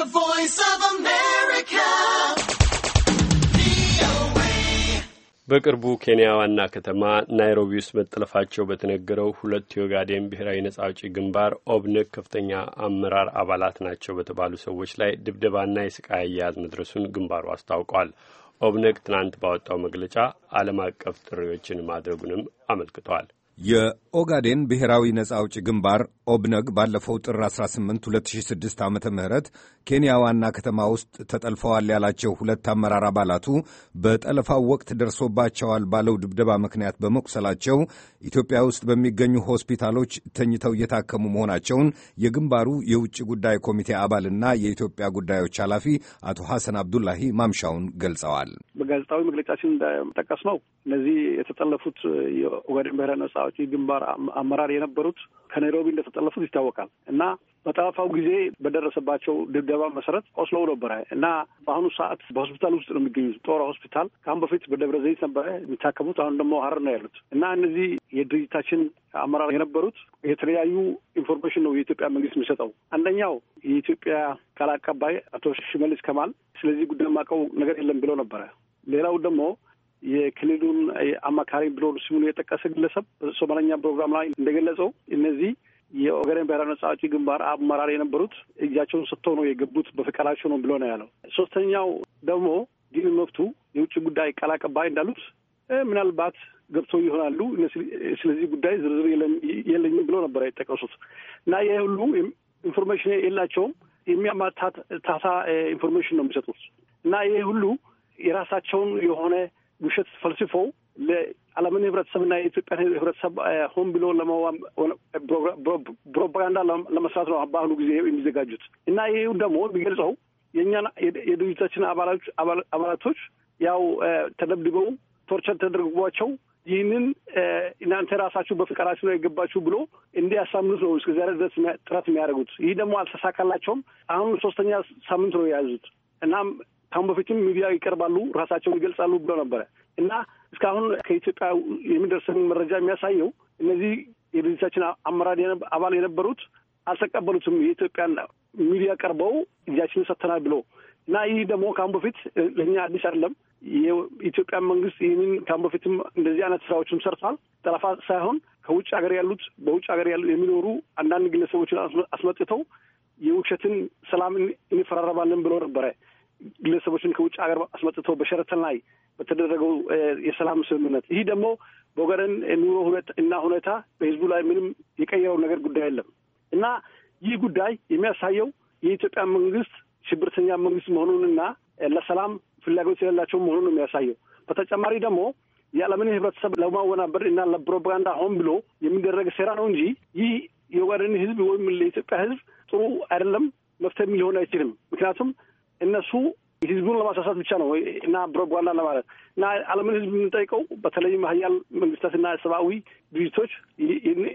The Voice of America. በቅርቡ ኬንያ ዋና ከተማ ናይሮቢ ውስጥ መጠለፋቸው በተነገረው ሁለት የኦጋዴን ብሔራዊ ነጻ አውጪ ግንባር ኦብነግ ከፍተኛ አመራር አባላት ናቸው በተባሉ ሰዎች ላይ ድብደባና የስቃይ አያያዝ መድረሱን ግንባሩ አስታውቋል። ኦብነግ ትናንት ባወጣው መግለጫ ዓለም አቀፍ ጥሪዎችን ማድረጉንም አመልክቷል። የኦጋዴን ብሔራዊ ነጻ አውጪ ግንባር ኦብነግ ባለፈው ጥር 18 2006 ዓ ም ኬንያ ዋና ከተማ ውስጥ ተጠልፈዋል ያላቸው ሁለት አመራር አባላቱ በጠለፋው ወቅት ደርሶባቸዋል ባለው ድብደባ ምክንያት በመቁሰላቸው ኢትዮጵያ ውስጥ በሚገኙ ሆስፒታሎች ተኝተው እየታከሙ መሆናቸውን የግንባሩ የውጭ ጉዳይ ኮሚቴ አባልና የኢትዮጵያ ጉዳዮች ኃላፊ አቶ ሐሰን አብዱላሂ ማምሻውን ገልጸዋል። በጋዜጣዊ መግለጫችን እንደጠቀስ ነው እነዚህ የተጠለፉት የኦጋዴን ብሔራዊ ነጻ አውጪ ግንባር አመራር የነበሩት ከናይሮቢ እንደተጠለፉት ይታወቃል እና በጠለፋው ጊዜ በደረሰባቸው ድብደባ መሰረት ቆስለው ነበረ እና በአሁኑ ሰዓት በሆስፒታል ውስጥ ነው የሚገኙት፣ ጦር ሆስፒታል። ከአሁን በፊት በደብረ ዘይት ነበረ የሚታከሙት፣ አሁን ደግሞ ሀረር ነው ያሉት እና እነዚህ የድርጅታችን አመራር የነበሩት የተለያዩ ኢንፎርሜሽን ነው የኢትዮጵያ መንግስት የሚሰጠው። አንደኛው የኢትዮጵያ ቃል አቀባይ አቶ ሽመልስ ከማል ስለዚህ ጉዳይ የማውቀው ነገር የለም ብለው ነበረ። ሌላው ደግሞ የክልሉን አማካሪ ብሎ ስሙን የጠቀሰ ግለሰብ በሶማለኛ ፕሮግራም ላይ እንደገለጸው እነዚህ የኦጋዴን ብሔራዊ ነጻ አውጪ ግንባር አመራር የነበሩት እጃቸውን ሰጥተው ነው የገቡት በፈቃዳቸው ነው ብሎ ነው ያለው። ሶስተኛው ደግሞ ዲን መብቱ የውጭ ጉዳይ ቃል አቀባይ እንዳሉት ምናልባት ገብቶ ይሆናሉ ስለዚህ ጉዳይ ዝርዝር የለኝም ብሎ ነበር የጠቀሱት እና ይህ ሁሉ ኢንፎርሜሽን የላቸውም። የሚያማታታ ኢንፎርሜሽን ነው የሚሰጡት እና ይህ ሁሉ የራሳቸውን የሆነ ውሸት ፈልስፈው ለዓለምን ህብረተሰብና የኢትዮጵያን ህብረተሰብ ሆን ብሎ ለመዋም ፕሮፓጋንዳ ለመስራት ነው በአሁኑ ጊዜ የሚዘጋጁት እና ይህ ደግሞ የሚገልጸው የእኛን የድርጅታችን አባላቶች ያው ተደብድበው ቶርቸር ተደርግቧቸው ይህንን እናንተ ራሳችሁ በፍቃዳችሁ ነው የገባችሁ ብሎ እንዲያሳምኑት ነው እስከ ዛሬ ድረስ ጥረት የሚያደርጉት። ይህ ደግሞ አልተሳካላቸውም። አሁን ሶስተኛ ሳምንት ነው የያዙት። እናም ከአሁን በፊትም ሚዲያ ይቀርባሉ፣ ራሳቸውን ይገልጻሉ ብሎ ነበረ እና እስካሁን ከኢትዮጵያ የሚደርሰን መረጃ የሚያሳየው እነዚህ የድርጅታችን አመራር አባል የነበሩት አልተቀበሉትም የኢትዮጵያን ሚዲያ ቀርበው እጃችን ሰጥተናል ብሎ እና ይህ ደግሞ ከአሁን በፊት ለእኛ አዲስ አይደለም። የኢትዮጵያ መንግስት ይህንን ከአሁን በፊትም እንደዚህ አይነት ስራዎችም ሰርቷል። ጠለፋ ሳይሆን ከውጭ ሀገር ያሉት በውጭ ሀገር ያሉ የሚኖሩ አንዳንድ ግለሰቦችን አስመጥተው የውሸትን ሰላም እንፈራረባለን ብሎ ነበረ። ግለሰቦችን ከውጭ ሀገር አስመጥቶ በሸረተን ላይ በተደረገው የሰላም ስምምነት ይህ ደግሞ በወገረን ኑሮ እና ሁኔታ በህዝቡ ላይ ምንም የቀየረው ነገር ጉዳይ የለም እና ይህ ጉዳይ የሚያሳየው የኢትዮጵያ መንግስት ሽብርተኛ መንግስት መሆኑንና ለሰላም ፍላጎት የሌላቸው መሆኑን የሚያሳየው በተጨማሪ ደግሞ የዓለምን ህብረተሰብ ለማወናበር እና ለፕሮፓጋንዳ ሆን ብሎ የሚደረግ ሴራ ነው እንጂ ይህ የወገንን ህዝብ ወይም ለኢትዮጵያ ህዝብ ጥሩ አይደለም፣ መፍትሄም ሊሆን አይችልም። ምክንያቱም እነሱ ህዝቡን ለማሳሳት ብቻ ነው እና ብሮጓላ ለማለት እና ዓለምን ህዝብ የምንጠይቀው በተለይም ሀያል መንግስታትና ሰብአዊ ድርጅቶች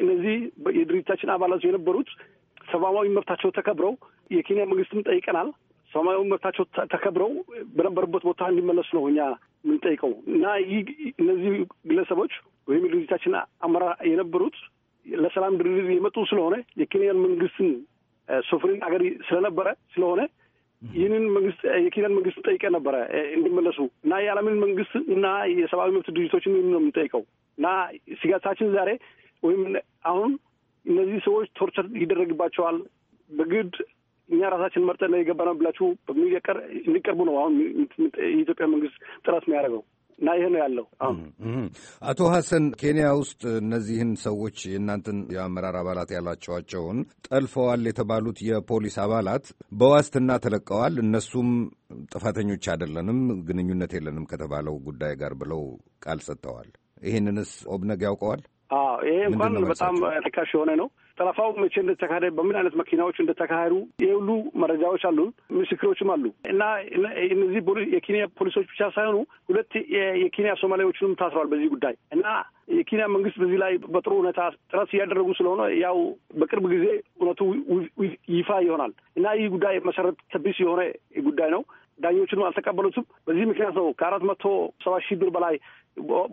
እነዚህ የድርጅታችን አባላት የነበሩት ሰብአዊ መብታቸው ተከብረው የኬንያ መንግስትም ጠይቀናል። ሰብአዊ መብታቸው ተከብረው በነበሩበት ቦታ እንዲመለሱ ነው እኛ የምንጠይቀው እና ይህ እነዚህ ግለሰቦች ወይም የድርጅታችን አመራ የነበሩት ለሰላም ድርድር የመጡ ስለሆነ የኬንያን መንግስትን ሶፍሪን አገር ስለነበረ ስለሆነ ይህንን መንግስት የኬንያን መንግስት ጠይቀ ነበረ እንዲመለሱ እና የዓለምን መንግስት እና የሰብአዊ መብት ድርጅቶችን ነው የምንጠይቀው እና ስጋታችን ዛሬ ወይም አሁን እነዚህ ሰዎች ቶርቸር ይደረግባቸዋል በግድ እኛ ራሳችን መርጠን ነው ብላችሁ በሚቀር እንዲቀርቡ ነው አሁን የኢትዮጵያ መንግስት ጥረት የሚያደርገው። እና ይህ ነው ያለው። አቶ ሀሰን ኬንያ ውስጥ እነዚህን ሰዎች የእናንተን የአመራር አባላት ያላቸዋቸውን ጠልፈዋል የተባሉት የፖሊስ አባላት በዋስትና ተለቀዋል። እነሱም ጥፋተኞች አይደለንም፣ ግንኙነት የለንም ከተባለው ጉዳይ ጋር ብለው ቃል ሰጥተዋል። ይህንንስ ኦብነግ ያውቀዋል? ይሄ እንኳን በጣም ርካሽ የሆነ ነው። ጠለፋው መቼ እንደተካሄደ፣ በምን አይነት መኪናዎች እንደተካሄዱ ይሄ ሁሉ መረጃዎች አሉ፣ ምስክሮችም አሉ እና እነዚህ የኬንያ ፖሊሶች ብቻ ሳይሆኑ ሁለት የኬንያ ሶማሌዎችንም ታስረዋል በዚህ ጉዳይ እና የኬንያ መንግስት በዚህ ላይ በጥሩ ሁኔታ ጥረት እያደረጉ ስለሆነ ያው በቅርብ ጊዜ እውነቱ ይፋ ይሆናል እና ይህ ጉዳይ መሰረት ቢስ የሆነ ጉዳይ ነው። ዳኞቹንም አልተቀበሉትም። በዚህ ምክንያት ነው ከአራት መቶ ሰባ ሺህ ብር በላይ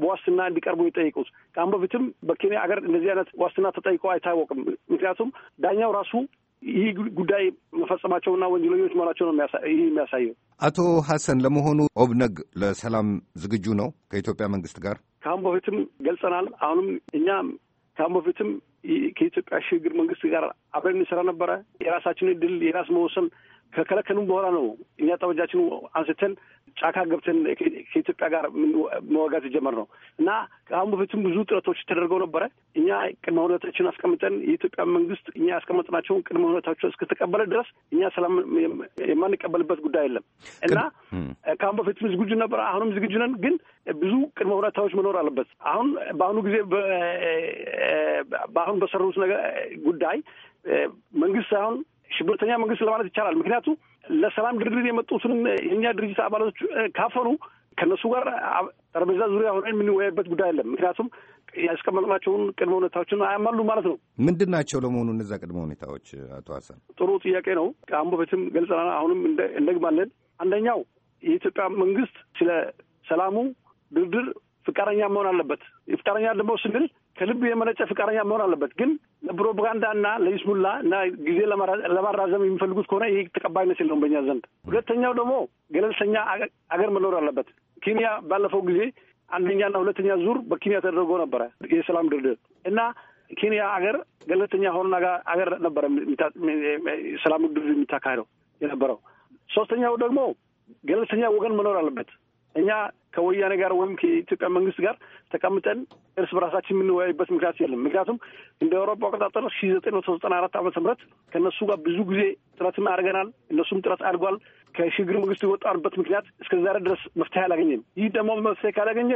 በዋስትና እንዲቀርቡ የጠየቁት። ከአሁን በፊትም በኬንያ ሀገር እንደዚህ አይነት ዋስትና ተጠይቆ አይታወቅም። ምክንያቱም ዳኛው ራሱ ይህ ጉዳይ መፈጸማቸውና ወንጀለኞች መሆናቸው ነው ይህ የሚያሳየው። አቶ ሀሰን ለመሆኑ ኦብነግ ለሰላም ዝግጁ ነው ከኢትዮጵያ መንግስት ጋር? ከአሁን በፊትም ገልጸናል። አሁንም እኛ ከአሁን በፊትም ከኢትዮጵያ ሽግግር መንግስት ጋር አብረን እንሰራ ነበረ። የራሳችን እድል የራስ መወሰን ከከለከሉም በኋላ ነው እኛ ጠመንጃችን አንስተን ጫካ ገብተን ከኢትዮጵያ ጋር መዋጋት ጀመር ነው እና ከአሁን በፊትም ብዙ ጥረቶች ተደርገው ነበረ። እኛ ቅድመ ሁኔታችን አስቀምጠን የኢትዮጵያ መንግስት እኛ ያስቀመጥናቸውን ቅድመ ሁኔታቸው እስከተቀበለ ድረስ እኛ ሰላም የማንቀበልበት ጉዳይ የለም እና ከአሁን በፊትም ዝግጁ ነበረ። አሁንም ዝግጁ ነን፣ ግን ብዙ ቅድመ ሁኔታዎች መኖር አለበት። አሁን በአሁኑ ጊዜ በአሁን በሰሩት ጉዳይ መንግስት ሳይሆን ሽብርተኛ መንግስት ለማለት ይቻላል። ምክንያቱ ለሰላም ድርድር የመጡትን የእኛ ድርጅት አባላቶች ካፈኑ ከእነሱ ጋር ጠረጴዛ ዙሪያ ሆነን የምንወያይበት ጉዳይ አለም። ምክንያቱም ያስቀመጥናቸውን ቅድመ ሁኔታዎችን አያማሉ ማለት ነው። ምንድን ናቸው ለመሆኑ እነዚ ቅድመ ሁኔታዎች? አቶ ሀሰን፣ ጥሩ ጥያቄ ነው። ከአሁን በፊትም ገልጸናል፣ አሁንም እንደግማለን። አንደኛው የኢትዮጵያ መንግስት ስለ ሰላሙ ድርድር ፍቃደኛ መሆን አለበት። ፍቃደኛ ደግሞ ስንል ከልብ የመነጨ ፍቃደኛ መሆን አለበት። ግን ለፕሮፓጋንዳና ለይስሙላ እና ጊዜ ለማራዘም የሚፈልጉት ከሆነ ይህ ተቀባይነት የለውም በእኛ ዘንድ። ሁለተኛው ደግሞ ገለልተኛ አገር መኖር አለበት። ኬንያ ባለፈው ጊዜ አንደኛና ሁለተኛ ዙር በኬንያ ተደርጎ ነበረ የሰላም ድርድር እና ኬንያ አገር ገለልተኛ ሆኖ አገር ነበረ ሰላም ድርድር የሚታካሄደው የነበረው። ሶስተኛው ደግሞ ገለልተኛ ወገን መኖር አለበት። እኛ ከወያኔ ጋር ወይም ከኢትዮጵያ መንግስት ጋር ተቀምጠን እርስ በራሳችን የምንወያይበት ምክንያት የለም። ምክንያቱም እንደ አውሮፓ አቆጣጠር ሺ ዘጠኝ መቶ ዘጠና አራት ዓመተ ምህረት ከእነሱ ጋር ብዙ ጊዜ ጥረትም አድርገናል። እነሱም ጥረት አድርጓል። ከሽግግር መንግስቱ የወጣንበት ምክንያት እስከዛሬ ድረስ መፍትሄ አላገኘም። ይህ ደግሞ መፍትሄ ካላገኘ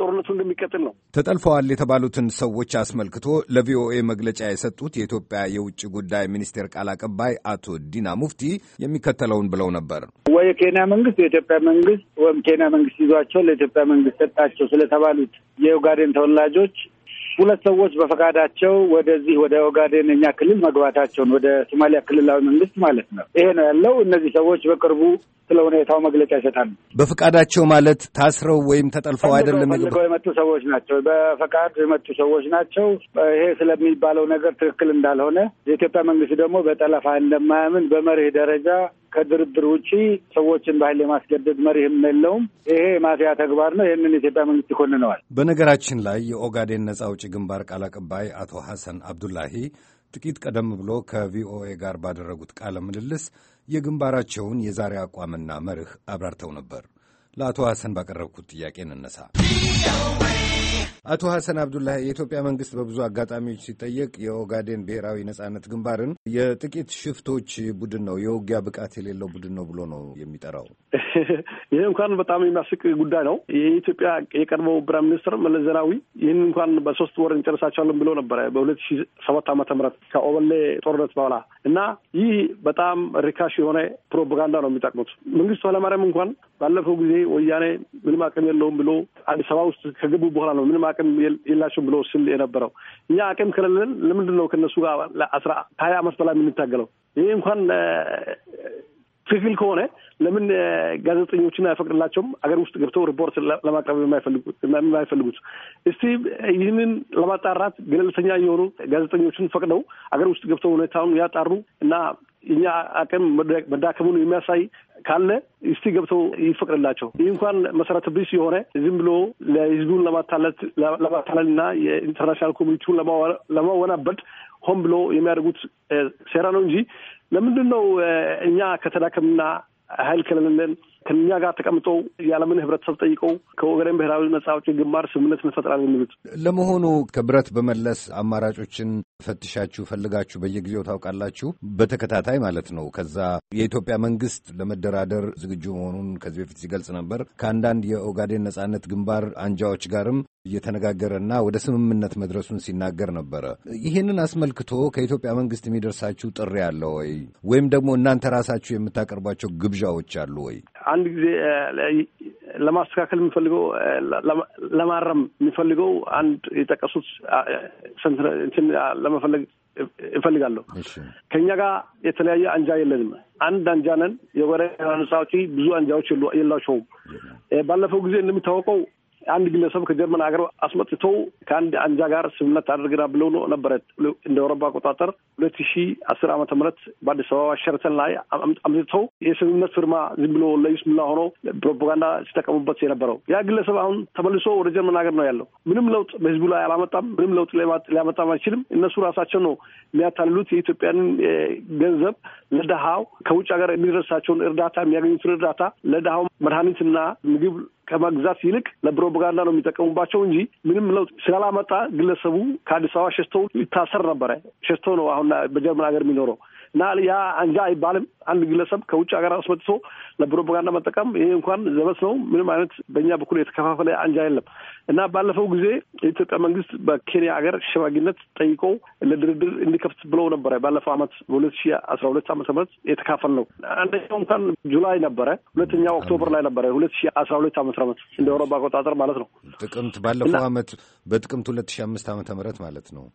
ጦርነቱ እንደሚቀጥል ነው። ተጠልፈዋል የተባሉትን ሰዎች አስመልክቶ ለቪኦኤ መግለጫ የሰጡት የኢትዮጵያ የውጭ ጉዳይ ሚኒስቴር ቃል አቀባይ አቶ ዲና ሙፍቲ የሚከተለውን ብለው ነበር። ወይ የኬንያ መንግስት የኢትዮጵያ መንግስት ወይም ኬንያ መንግስት ይዟቸው ለኢትዮጵያ መንግስት ሰጣቸው ስለተባሉት የኡጋዴን ተወላጆች ሁለት ሰዎች በፈቃዳቸው ወደዚህ ወደ ኦጋዴን እኛ ክልል መግባታቸውን ወደ ሶማሊያ ክልላዊ መንግስት ማለት ነው። ይሄ ነው ያለው። እነዚህ ሰዎች በቅርቡ ስለ ሁኔታው መግለጫ ይሰጣል። በፈቃዳቸው ማለት ታስረው ወይም ተጠልፈው አይደለም፣ ፈልገው የመጡ ሰዎች ናቸው። በፈቃድ የመጡ ሰዎች ናቸው። ይሄ ስለሚባለው ነገር ትክክል እንዳልሆነ የኢትዮጵያ መንግስት ደግሞ በጠለፋ እንደማያምን በመርህ ደረጃ ከድርድር ውጪ ሰዎችን በኃይል የማስገደድ መሪህም የለውም። ይሄ የማፊያ ተግባር ነው። ይህንን የኢትዮጵያ መንግስት ይኮንነዋል። በነገራችን ላይ የኦጋዴን ነጻ አውጪ ግንባር ቃል አቀባይ አቶ ሐሰን አብዱላሂ ጥቂት ቀደም ብሎ ከቪኦኤ ጋር ባደረጉት ቃለ ምልልስ የግንባራቸውን የዛሬ አቋምና መርህ አብራርተው ነበር። ለአቶ ሐሰን ባቀረብኩት ጥያቄ እንነሳ። አቶ ሀሰን አብዱላህ የኢትዮጵያ መንግስት በብዙ አጋጣሚዎች ሲጠየቅ የኦጋዴን ብሔራዊ ነጻነት ግንባርን የጥቂት ሽፍቶች ቡድን ነው፣ የውጊያ ብቃት የሌለው ቡድን ነው ብሎ ነው የሚጠራው። ይህ እንኳን በጣም የሚያስቅ ጉዳይ ነው። የኢትዮጵያ የቀድሞው ብራ ሚኒስትር መለስ ዜናዊ ይህን እንኳን በሶስት ወር እንጨርሳቸዋለን ብሎ ነበረ በሁለት ሺ ሰባት ዓመተ ምህረት ከኦበሌ ጦርነት በኋላ እና ይህ በጣም ርካሽ የሆነ ፕሮፓጋንዳ ነው የሚጠቅሙት። መንግስቱ ኃይለማርያም እንኳን ባለፈው ጊዜ ወያኔ ምንም አቅም የለውም ብሎ አዲስ አበባ ውስጥ ከገቡ በኋላ ነው ምንም አቅም የላቸውም ብሎ ስል የነበረው እኛ አቅም ከሌለን ለምንድን ነው ከነሱ ጋር አስራ ሀያ አመት በላይ የምንታገለው? ይህ እንኳን ትክክል ከሆነ ለምን ጋዜጠኞችን አይፈቅድላቸውም? አገር ውስጥ ገብተው ሪፖርት ለማቅረብ የማይፈልጉት እስቲ ይህንን ለማጣራት ገለልተኛ የሆኑ ጋዜጠኞችን ፈቅደው አገር ውስጥ ገብተው ሁኔታውን ያጣሩ እና እኛ አቅም መዳከሙን የሚያሳይ ካለ እስቲ ገብተው ይፈቅድላቸው። ይህ እንኳን መሰረተ ቢስ የሆነ ዝም ብሎ ለህዝቡን ለማታለል እና የኢንተርናሽናል ኮሚኒቲውን ለማወናበድ ሆን ብሎ የሚያደርጉት ሴራ ነው እንጂ ለምንድን ነው እኛ ከተዳከምና ሀይል ከለለለን ከኛ ጋር ተቀምጠው የዓለምን ህብረተሰብ ጠይቀው ከወገደን ብሔራዊ ነጻ አውጪ ግንባር ስምምነት እንፈጥራለን የሚሉት። ለመሆኑ ከብረት በመለስ አማራጮችን ፈትሻችሁ ፈልጋችሁ በየጊዜው ታውቃላችሁ? በተከታታይ ማለት ነው። ከዛ የኢትዮጵያ መንግስት ለመደራደር ዝግጁ መሆኑን ከዚህ በፊት ሲገልጽ ነበር። ከአንዳንድ የኦጋዴን ነጻነት ግንባር አንጃዎች ጋርም እየተነጋገረና ወደ ስምምነት መድረሱን ሲናገር ነበረ። ይህንን አስመልክቶ ከኢትዮጵያ መንግስት የሚደርሳችሁ ጥሪ አለ ወይ? ወይም ደግሞ እናንተ ራሳችሁ የምታቀርቧቸው ግብዣዎች አሉ ወይ? አንድ ጊዜ ለማስተካከል የሚፈልገው ለማረም የሚፈልገው አንድ የጠቀሱት ለመፈለግ እፈልጋለሁ። ከእኛ ጋር የተለያየ አንጃ የለንም። አንድ አንጃ ነን። የወረ ነጻ አውጪ ብዙ አንጃዎች የሏቸውም። ባለፈው ጊዜ እንደሚታወቀው አንድ ግለሰብ ከጀርመን ሀገር አስመጥቶ ከአንድ አንጃ ጋር ስምምነት አድርገና ብለው ነው ነበረ እንደ አውሮፓ አቆጣጠር ሁለት ሺ አስር ዓመተ ምህረት በአዲስ አበባ ሸርተን ላይ አምጥተው የስምምነት ፍርማ ዝም ብሎ ለይስሙላ ሆኖ ፕሮፓጋንዳ ሲጠቀሙበት የነበረው ያ ግለሰብ አሁን ተመልሶ ወደ ጀርመን ሀገር ነው ያለው። ምንም ለውጥ በህዝቡ ላይ አላመጣም። ምንም ለውጥ ሊያመጣም አይችልም። እነሱ ራሳቸው ነው የሚያታልሉት። የኢትዮጵያን ገንዘብ ለድሃው ከውጭ ሀገር የሚደርሳቸውን እርዳታ የሚያገኙትን እርዳታ ለድሃው መድኃኒትና ምግብ ከመግዛት ይልቅ ለፕሮፓጋንዳ ነው የሚጠቀሙባቸው እንጂ ምንም ለውጥ ስላላመጣ ግለሰቡ ከአዲስ አበባ ሸሽቶ ይታሰር ነበረ። ሸሽቶ ነው አሁን በጀርመን ሀገር የሚኖረው። እና ያ አንጃ አይባልም። አንድ ግለሰብ ከውጭ ሀገር አስመጥቶ ለፕሮፓጋንዳ መጠቀም ይሄ እንኳን ዘበት ነው። ምንም አይነት በእኛ በኩል የተከፋፈለ አንጃ የለም እና ባለፈው ጊዜ የኢትዮጵያ መንግስት በኬንያ ሀገር ሸማግነት ጠይቆ ለድርድር እንዲከፍት ብለው ነበረ። ባለፈው አመት በሁለት ሺ አስራ ሁለት አመተ ምህረት የተካፈል ነው። አንደኛው እንኳን ጁላይ ነበረ፣ ሁለተኛው ኦክቶበር ላይ ነበረ ሁለት ሺ አስራ ሁለት አመተ ምህረት እንደ አውሮፓ አቆጣጠር ማለት ነው። ጥቅምት ባለፈው አመት በጥቅምት ሁለት ሺ አምስት አመተ ምህረት ማለት ነው።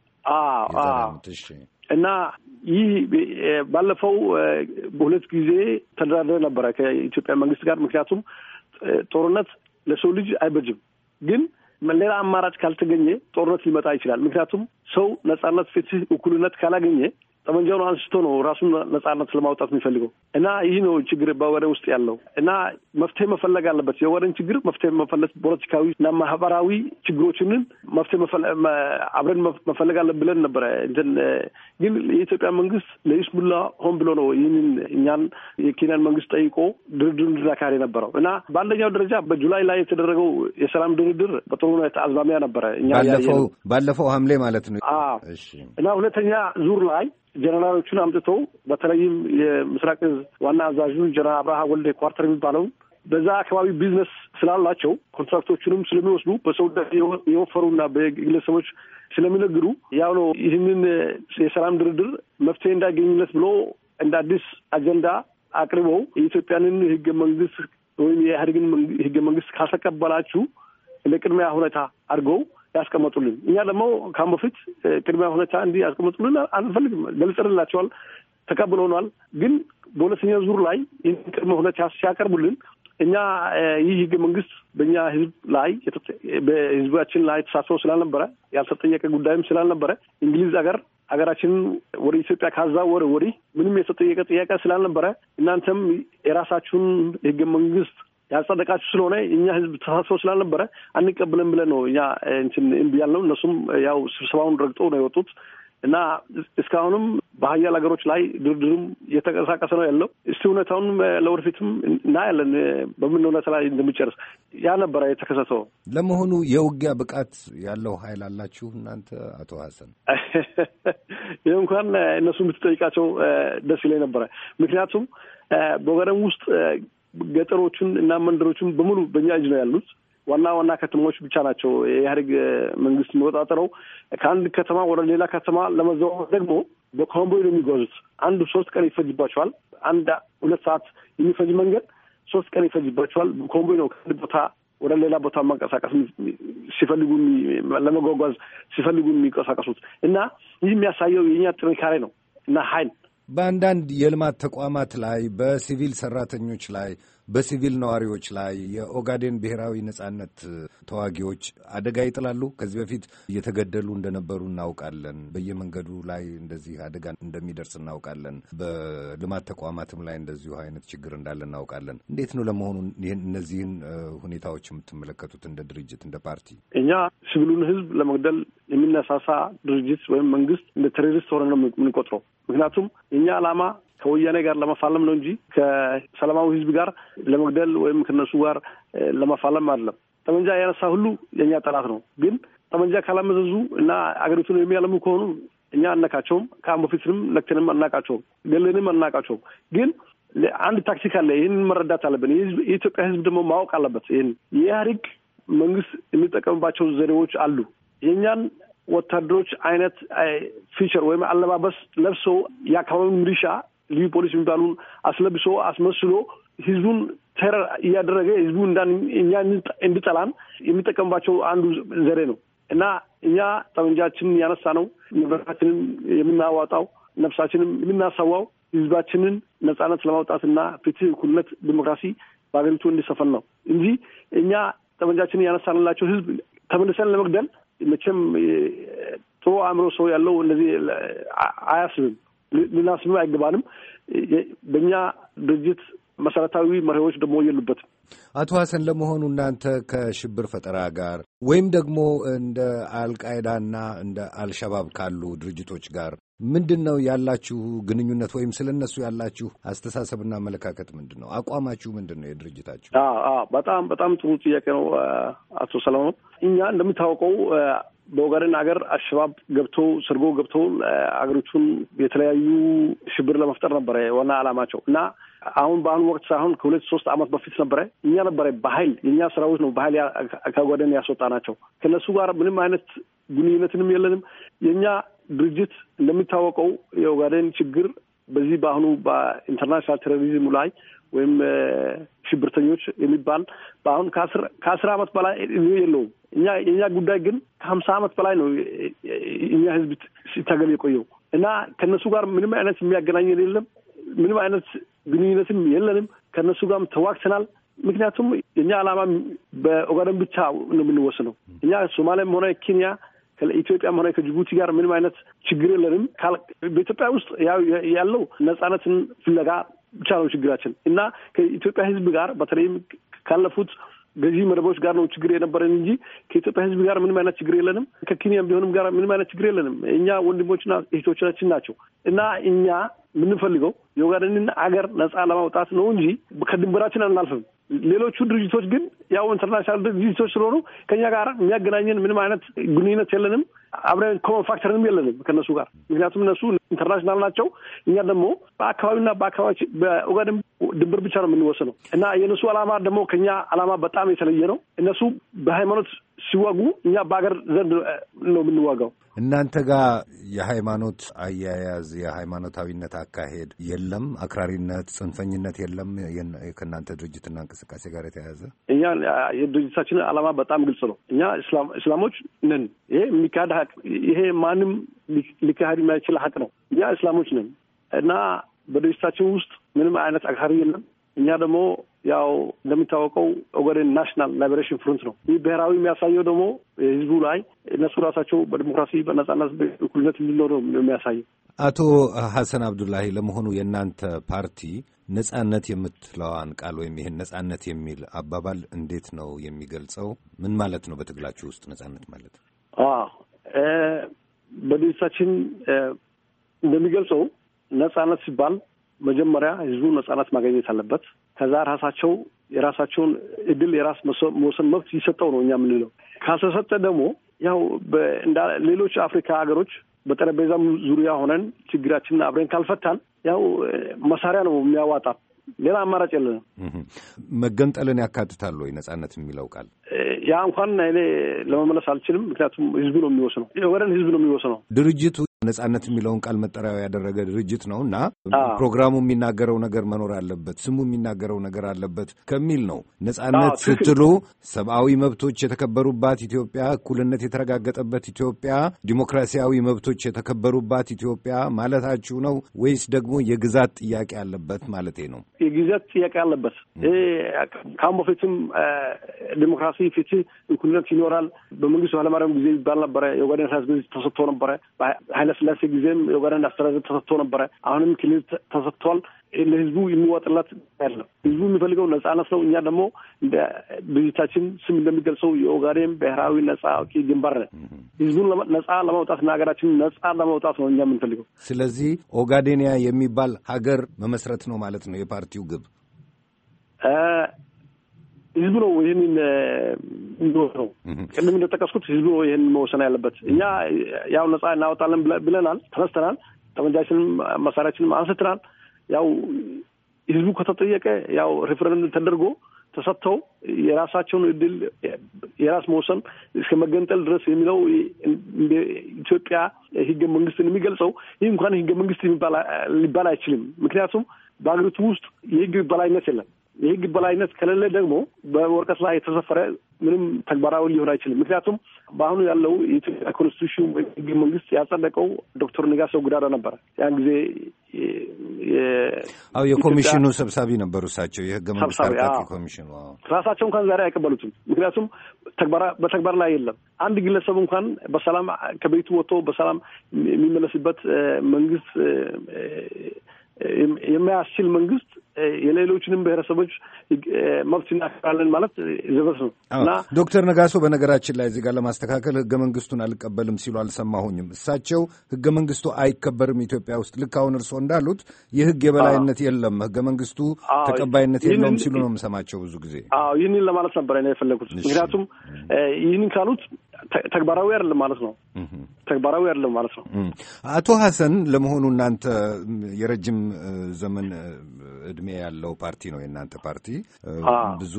እና ይህ ባለፈው በሁለት ጊዜ ተደራደረ ነበረ ከኢትዮጵያ መንግስት ጋር። ምክንያቱም ጦርነት ለሰው ልጅ አይበጅም፣ ግን ሌላ አማራጭ ካልተገኘ ጦርነት ሊመጣ ይችላል። ምክንያቱም ሰው ነጻነት፣ ፍትህ፣ እኩልነት ካላገኘ ጠመንጃውን አንስቶ ነው ራሱን ነጻነት ለማውጣት የሚፈልገው እና ይህ ነው ችግር በወሬ ውስጥ ያለው እና መፍትሄ መፈለግ አለበት። የወሬን ችግር መፍትሄ መፈለግ ፖለቲካዊ እና ማህበራዊ ችግሮችንን መፍትሄ አብረን መፈለግ አለ ብለን ነበረ። እንትን ግን የኢትዮጵያ መንግስት ለይስሙላ ሆን ብሎ ነው ይህንን እኛን የኬንያን መንግስት ጠይቆ ድርድር እንድናካሄድ የነበረው እና በአንደኛው ደረጃ በጁላይ ላይ የተደረገው የሰላም ድርድር በጥሩ ሁኔታ አዝማሚያ ነበረ። ባለፈው ሐምሌ ማለት ነው እና ሁለተኛ ዙር ላይ ጀነራሎቹን አምጥተው በተለይም የምስራቅ እዝ ዋና አዛዡ ጀነራል አብርሃ ወልደ ኳርተር የሚባለውን በዛ አካባቢ ቢዝነስ ስላላቸው ኮንትራክቶቹንም ስለሚወስዱ በሰው የወፈሩና በግለሰቦች ስለሚነግዱ ያው ነው ይህንን የሰላም ድርድር መፍትሄ እንዳገኝለት ብሎ እንደ አዲስ አጀንዳ አቅርበው የኢትዮጵያንን ህገ መንግስት ወይም የኢህአዴግን ህገ መንግስት ካልተቀበላችሁ እንደ ቅድሚያ ሁኔታ አድርገው ያስቀመጡልን። እኛ ደግሞ ካሁን በፊት ቅድሚያ ሁኔታ እንዲህ ያስቀመጡልን አንፈልግም፣ ገልጸንላቸዋል፣ ተቀብለውናል። ግን በሁለተኛ ዙር ላይ ይህን ቅድመ ሁኔታ ሲያቀርቡልን እኛ ይህ ህገ መንግስት በእኛ ህዝብ ላይ በህዝባችን ላይ ተሳትፎ ስላልነበረ ያልተጠየቀ ጉዳይም ስላልነበረ እንግሊዝ ሀገር ሀገራችንን ወደ ኢትዮጵያ ካዛወረ ወዲህ ምንም የተጠየቀ ጥያቄ ስላልነበረ እናንተም የራሳችሁን ህገ መንግስት ያጸደቃችሁ ስለሆነ እኛ ህዝብ ተሳትፎ ስላልነበረ አንቀብለን ብለን ነው እኛ እንትን እምቢ ያልነው። እነሱም ያው ስብሰባውን ረግጦ ነው የወጡት። እና እስካሁንም በሀያል ሀገሮች ላይ ድርድሩም እየተንቀሳቀሰ ነው ያለው። እስቲ እውነታውን ለወደፊትም እናያለን በምን እውነት ላይ እንደሚጨርስ ያ ነበረ የተከሰተው። ለመሆኑ የውጊያ ብቃት ያለው ሀይል አላችሁ እናንተ አቶ ሀሰን? ይህ እንኳን እነሱ የምትጠይቃቸው ደስ ይለኝ ነበረ። ምክንያቱም በገረም ውስጥ ገጠሮችን እና መንደሮችን በሙሉ በእኛ እጅ ነው ያሉት ዋና ዋና ከተሞች ብቻ ናቸው የኢህአዴግ መንግስት የሚቆጣጠረው። ከአንድ ከተማ ወደ ሌላ ከተማ ለመዘዋወር ደግሞ በኮንቦይ ነው የሚጓዙት። አንዱ ሶስት ቀን ይፈጅባቸዋል። አንድ ሁለት ሰዓት የሚፈጅ መንገድ ሶስት ቀን ይፈጅባቸዋል። ኮንቦይ ነው ከአንድ ቦታ ወደ ሌላ ቦታ ማንቀሳቀስ ሲፈልጉ ለመጓጓዝ ሲፈልጉ የሚንቀሳቀሱት እና ይህ የሚያሳየው የኛ ጥንካሬ ነው እና ኃይል በአንዳንድ የልማት ተቋማት ላይ በሲቪል ሰራተኞች ላይ በሲቪል ነዋሪዎች ላይ የኦጋዴን ብሔራዊ ነጻነት ተዋጊዎች አደጋ ይጥላሉ። ከዚህ በፊት እየተገደሉ እንደነበሩ እናውቃለን። በየመንገዱ ላይ እንደዚህ አደጋ እንደሚደርስ እናውቃለን። በልማት ተቋማትም ላይ እንደዚሁ አይነት ችግር እንዳለ እናውቃለን። እንዴት ነው ለመሆኑ እነዚህን ሁኔታዎች የምትመለከቱት? እንደ ድርጅት እንደ ፓርቲ እኛ ሲቪሉን ህዝብ ለመግደል የሚነሳሳ ድርጅት ወይም መንግስት እንደ ቴሮሪስት ሆነ ነው የምንቆጥረው። ምክንያቱም የኛ ዓላማ ከወያኔ ጋር ለመፋለም ነው እንጂ ከሰላማዊ ህዝብ ጋር ለመግደል ወይም ከነሱ ጋር ለመፋለም አይደለም። ጠመንጃ ያነሳ ሁሉ የእኛ ጠላት ነው። ግን ጠመንጃ ካላመዘዙ እና አገሪቱን የሚያለሙ ከሆኑ እኛ አነካቸውም ከአሁን በፊትንም ነክተንም አናቃቸውም፣ ገለንም አናቃቸውም። ግን አንድ ታክቲክ አለ። ይህን መረዳት አለብን። የኢትዮጵያ ህዝብ ደግሞ ማወቅ አለበት። ይህን የኢህአዴግ መንግስት የሚጠቀምባቸው ዘዴዎች አሉ። የእኛን ወታደሮች አይነት ፊቸር ወይም አለባበስ ለብሰው የአካባቢ ሚሊሻ ልዩ ፖሊስ የሚባሉን አስለብሶ አስመስሎ ህዝቡን ተረር እያደረገ ህዝቡ እኛ እንድጠላን የሚጠቀምባቸው አንዱ ዘሬ ነው እና እኛ ጠመንጃችንን ያነሳ ነው ንብረታችንን የምናዋጣው ነፍሳችንም የምናሰዋው ህዝባችንን ነጻነት ለማውጣትና ፍትህ፣ እኩልነት፣ ዲሞክራሲ በሀገሪቱ እንዲሰፈን ነው እንጂ እኛ ጠመንጃችንን ያነሳንላቸው ህዝብ ተመልሰን ለመግደል መቼም ጥሩ አእምሮ ሰው ያለው እንደዚህ አያስብም። ልናስብም አይገባንም። በእኛ ድርጅት መሰረታዊ መሪዎች ደግሞ የሉበትም። አቶ ሀሰን ለመሆኑ እናንተ ከሽብር ፈጠራ ጋር ወይም ደግሞ እንደ አልቃይዳና እንደ አልሸባብ ካሉ ድርጅቶች ጋር ምንድን ነው ያላችሁ ግንኙነት ወይም ስለ እነሱ ያላችሁ አስተሳሰብና አመለካከት ምንድን ነው? አቋማችሁ ምንድን ነው? የድርጅታችሁ? በጣም በጣም ጥሩ ጥያቄ ነው አቶ ሰለሞን። እኛ እንደሚታወቀው በወገን ሀገር አሸባብ ገብቶ ሰርጎ ገብቶ አገሪቱን የተለያዩ ሽብር ለመፍጠር ነበረ ዋና ዓላማቸው እና አሁን በአሁኑ ወቅት ሳይሆን ከሁለት ሶስት ዓመት በፊት ነበረ እኛ ነበረ በኃይል የእኛ ሰራዊት ነው በኃይል ከጎደን ያስወጣ ናቸው። ከነሱ ጋር ምንም አይነት ግንኙነትንም የለንም የእኛ ድርጅት እንደሚታወቀው የኦጋዴን ችግር በዚህ በአሁኑ በኢንተርናሽናል ቴሮሪዝሙ ላይ ወይም ሽብርተኞች የሚባል በአሁን ከአስር ዓመት በላይ እድሜ የለውም። እኛ የእኛ ጉዳይ ግን ከሀምሳ ዓመት በላይ ነው እኛ ህዝብ ሲታገል የቆየው እና ከእነሱ ጋር ምንም አይነት የሚያገናኝ የለም። ምንም አይነት ግንኙነትም የለንም። ከእነሱ ጋርም ተዋግተናል። ምክንያቱም የእኛ ዓላማ በኦጋዴን ብቻ ነው የምንወስነው። እኛ ሶማሌም ሆነ ኬንያ ከኢትዮጵያም ሆነ ከጅቡቲ ጋር ምንም አይነት ችግር የለንም። በኢትዮጵያ ውስጥ ያለው ነጻነትን ፍለጋ ብቻ ነው ችግራችን እና ከኢትዮጵያ ሕዝብ ጋር በተለይም ካለፉት ገዢ መደቦች ጋር ነው ችግር የነበረን እንጂ ከኢትዮጵያ ህዝብ ጋር ምንም አይነት ችግር የለንም። ከኬንያም ቢሆንም ጋር ምንም አይነት ችግር የለንም። እኛ ወንድሞችና እህቶቻችን ናቸው እና እኛ የምንፈልገው የኦጋዴንን አገር ነጻ ለማውጣት ነው እንጂ ከድንበራችን አናልፍም። ሌሎቹ ድርጅቶች ግን ያው ኢንተርናሽናል ድርጅቶች ስለሆኑ ከኛ ጋር የሚያገናኘን ምንም አይነት ግንኙነት የለንም። አብረን ኮመን ፋክተርንም የለንም ከነሱ ጋር ምክንያቱም እነሱ ኢንተርናሽናል ናቸው። እኛ ደግሞ በአካባቢና በአካባቢ በኦጋዴን ድንበር ብቻ ነው የምንወስነው እና የእነሱ ዓላማ ደግሞ ከኛ ዓላማ በጣም የተለየ ነው። እነሱ በሃይማኖት ሲዋጉ፣ እኛ በሀገር ዘንድ ነው የምንዋጋው። እናንተ ጋር የሃይማኖት አያያዝ የሃይማኖታዊነት አካሄድ የለም፣ አክራሪነት፣ ጽንፈኝነት የለም። ከእናንተ ድርጅትና እንቅስቃሴ ጋር የተያያዘ እኛ የድርጅታችን ዓላማ በጣም ግልጽ ነው። እኛ እስላሞች ነን። ይሄ የሚካሄድ ሀቅ ይሄ ማንም ሊካሄድ የማይችል ሀቅ ነው። እኛ እስላሞች ነን እና በድርጅታችን ውስጥ ምንም አይነት አካሪ የለም። እኛ ደግሞ ያው እንደሚታወቀው ኦጋዴን ናሽናል ላይበሬሽን ፍሮንት ነው። ይህ ብሔራዊ የሚያሳየው ደግሞ ህዝቡ ላይ እነሱ ራሳቸው በዲሞክራሲ በነጻነት እኩልነት እንዲኖር ነው የሚያሳየው። አቶ ሀሰን አብዱላሂ፣ ለመሆኑ የእናንተ ፓርቲ ነጻነት የምትለዋን ቃል ወይም ይህን ነጻነት የሚል አባባል እንዴት ነው የሚገልጸው? ምን ማለት ነው በትግላችሁ ውስጥ ነጻነት ማለት? በድርጅታችን እንደሚገልጸው ነጻነት ሲባል መጀመሪያ ህዝቡ ነጻነት ማገኘት አለበት። ከዛ ራሳቸው የራሳቸውን እድል የራስ መወሰን መብት ይሰጠው ነው እኛ የምንለው። ካልተሰጠ ደግሞ ያው ሌሎች አፍሪካ ሀገሮች በጠረጴዛም ዙሪያ ሆነን ችግራችንን አብረን ካልፈታን ያው መሳሪያ ነው የሚያዋጣ ሌላ አማራጭ የለንም። መገንጠልን ያካትታል ወይ ነጻነት የሚለው ቃል? ያ እንኳን እኔ ለመመለስ አልችልም። ምክንያቱም ህዝቡ ነው የሚወስነው፣ ወደን ህዝብ ነው የሚወስነው። ድርጅቱ ነጻነት የሚለውን ቃል መጠሪያው ያደረገ ድርጅት ነው እና ፕሮግራሙ የሚናገረው ነገር መኖር አለበት፣ ስሙ የሚናገረው ነገር አለበት ከሚል ነው። ነጻነት ስትሉ ሰብአዊ መብቶች የተከበሩባት ኢትዮጵያ፣ እኩልነት የተረጋገጠበት ኢትዮጵያ፣ ዲሞክራሲያዊ መብቶች የተከበሩባት ኢትዮጵያ ማለታችሁ ነው ወይስ ደግሞ የግዛት ጥያቄ አለበት ማለቴ ነው? የግዛት ጥያቄ አለበት። ካሁን በፊትም ዲሞክራሲ፣ ፍትህ፣ እኩልነት ይኖራል በመንግስቱ ኃይለማርያም ጊዜ ይባል ነበረ። የኦጋዴን ራስ ተሰጥቶ ነበረ ኃይለ በስላሴ ጊዜም የኡጋንዳ አስተዳደር ተሰጥቶ ነበረ። አሁንም ክልል ተሰጥቷል። ለህዝቡ የሚዋጥላት ያለ ህዝቡ የሚፈልገው ነጻነት ነው። እኛ ደግሞ እንደ ድርጅታችን ስም እንደሚገልጸው የኦጋዴን ብሔራዊ ነጻ አውጪ ግንባር ነን። ህዝቡን ነጻ ለማውጣትና ሀገራችን ነጻ ለማውጣት ነው እኛ የምንፈልገው። ስለዚህ ኦጋዴንያ የሚባል ሀገር መመስረት ነው ማለት ነው የፓርቲው ግብ። ህዝቡ ነው ይህን ነው ቅድም እንደጠቀስኩት ህዝቡ ነው ይህን መወሰን ያለበት። እኛ ያው ነፃ እናወጣለን ብለናል፣ ተነስተናል፣ ጠመንጃችንም መሳሪያችንም አንስትናል ያው ህዝቡ ከተጠየቀ ያው ሪፍረንድ ተደርጎ ተሰጥተው የራሳቸውን እድል የራስ መወሰን እስከ መገንጠል ድረስ የሚለው ኢትዮጵያ ህገ መንግስትን የሚገልጸው ይህ እንኳን ህገ መንግስት ሊባል አይችልም። ምክንያቱም በሀገሪቱ ውስጥ የህግ የበላይነት የለም። የህግ በላይነት ከሌለ ደግሞ በወረቀት ላይ የተሰፈረ ምንም ተግባራዊ ሊሆን አይችልም። ምክንያቱም በአሁኑ ያለው የኢትዮጵያ ኮንስቲቱሽን ወይም ህገ መንግስት ያጸደቀው ዶክተር ነጋሶ ጉዳዳ ነበረ። ያን ጊዜ አዎ የኮሚሽኑ ሰብሳቢ ነበሩ እሳቸው፣ የህገ መንግስት ኮሚሽኑ። ራሳቸው እንኳን ዛሬ አይቀበሉትም። ምክንያቱም በተግባር ላይ የለም። አንድ ግለሰብ እንኳን በሰላም ከቤቱ ወጥቶ በሰላም የሚመለስበት መንግስት የሚያስችል መንግስት የሌሎችንም ብሔረሰቦች መብት እናከብራለን ማለት ዘበት ነው ዶክተር ነጋሶ በነገራችን ላይ ዜጋ ለማስተካከል ህገ መንግስቱን አልቀበልም ሲሉ አልሰማሁኝም። እሳቸው ህገ መንግስቱ አይከበርም ኢትዮጵያ ውስጥ ልክ አሁን እርስዎ እንዳሉት የህግ የበላይነት የለም፣ ህገ መንግስቱ ተቀባይነት የለውም ሲሉ ነው የምሰማቸው ብዙ ጊዜ። አዎ ይህንን ለማለት ነበር የፈለጉት። ምክንያቱም ይህንን ካሉት ተግባራዊ አይደለም ማለት ነው። ተግባራዊ አይደለም ማለት ነው። አቶ ሀሰን ለመሆኑ እናንተ የረጅም ዘመን እድሜ ያለው ፓርቲ ነው የእናንተ ፓርቲ። ብዙ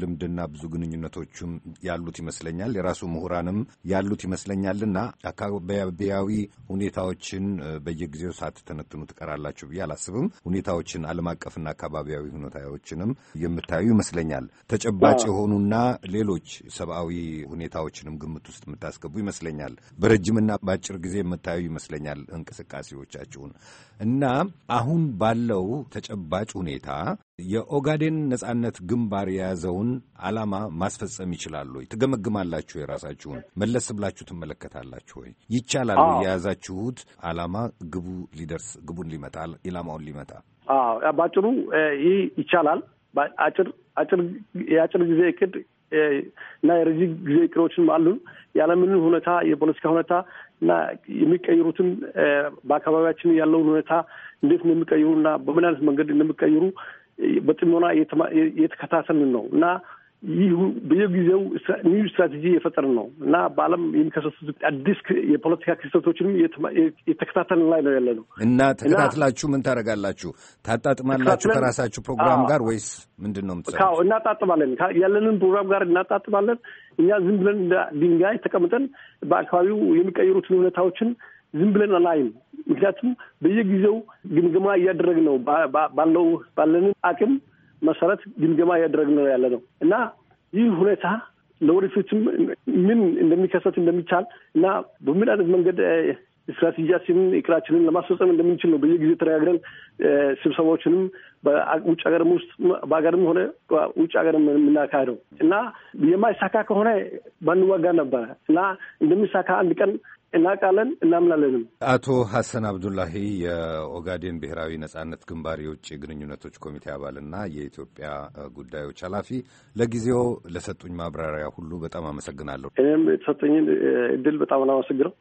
ልምድና ብዙ ግንኙነቶችም ያሉት ይመስለኛል። የራሱ ምሁራንም ያሉት ይመስለኛል እና አካባቢያዊ ሁኔታዎችን በየጊዜው ሳትተነትኑ ትቀራላችሁ ብዬ አላስብም። ሁኔታዎችን ዓለም አቀፍና አካባቢያዊ ሁኔታዎችንም የምታዩ ይመስለኛል ተጨባጭ የሆኑና ሌሎች ሰብአዊ ሁኔታዎችንም ግምት ውስጥ የምታስገቡ ይመስለኛል። በረጅምና በአጭር ጊዜ የምታዩ ይመስለኛል እንቅስቃሴዎቻችሁን እና አሁን ባለው ተጨባጭ ሁኔታ የኦጋዴን ነጻነት ግንባር የያዘውን ዓላማ ማስፈጸም ይችላሉ ወይ? ትገመግማላችሁ? የራሳችሁን መለስ ብላችሁ ትመለከታላችሁ ወይ? ይቻላሉ? የያዛችሁት ዓላማ ግቡ ሊደርስ ግቡን ሊመጣ ኢላማውን ሊመጣ በአጭሩ ይህ ይቻላል። አጭር የአጭር ጊዜ እቅድ እና የረጅም ጊዜ እቅዶችም አሉን። ያለምንም ሁኔታ የፖለቲካ ሁኔታ እና የሚቀይሩትን በአካባቢያችን ያለውን ሁኔታ እንዴት እንደሚቀይሩ እና በምን አይነት መንገድ እንደሚቀይሩ በጥሞና እየተከታተልን ነው እና ይህ በየጊዜው ኒው ስትራቴጂ የፈጠር ነው እና በዓለም የሚከሰቱት አዲስ የፖለቲካ ክስተቶችንም የተከታተል ላይ ነው ያለ ነው እና ተከታትላችሁ ምን ታደርጋላችሁ? ታጣጥማላችሁ ከራሳችሁ ፕሮግራም ጋር ወይስ ምንድን ነው ምትሰ እናጣጥማለን፣ ያለንን ፕሮግራም ጋር እናጣጥማለን። እኛ ዝም ብለን እንደ ድንጋይ ተቀምጠን በአካባቢው የሚቀይሩትን ሁኔታዎችን ዝም ብለን አላይም። ምክንያቱም በየጊዜው ግምገማ እያደረግን ነው ባለው ባለንን አቅም መሰረት ግምገማ እያደረግን ነው ያለ ነው እና ይህ ሁኔታ ለወደፊትም ምን እንደሚከሰት እንደሚቻል እና በምን አይነት መንገድ ስትራቴጂያችንን እቅዳችንን ለማስፈጸም እንደምንችል ነው በየጊዜ ተነጋግረን ስብሰባዎችንም በውጭ ሀገርም ውስጥ በሀገርም ሆነ ውጭ ሀገርም የምናካሄደው እና የማይሳካ ከሆነ ባንዋጋ ነበረ እና እንደሚሳካ አንድ ቀን እናቃለን እናምናለንም። አቶ ሐሰን አብዱላሂ የኦጋዴን ብሔራዊ ነጻነት ግንባር የውጭ ግንኙነቶች ኮሚቴ አባልና የኢትዮጵያ ጉዳዮች ኃላፊ ለጊዜው ለሰጡኝ ማብራሪያ ሁሉ በጣም አመሰግናለሁ። እኔም የተሰጡኝን እድል በጣም አመሰግነው።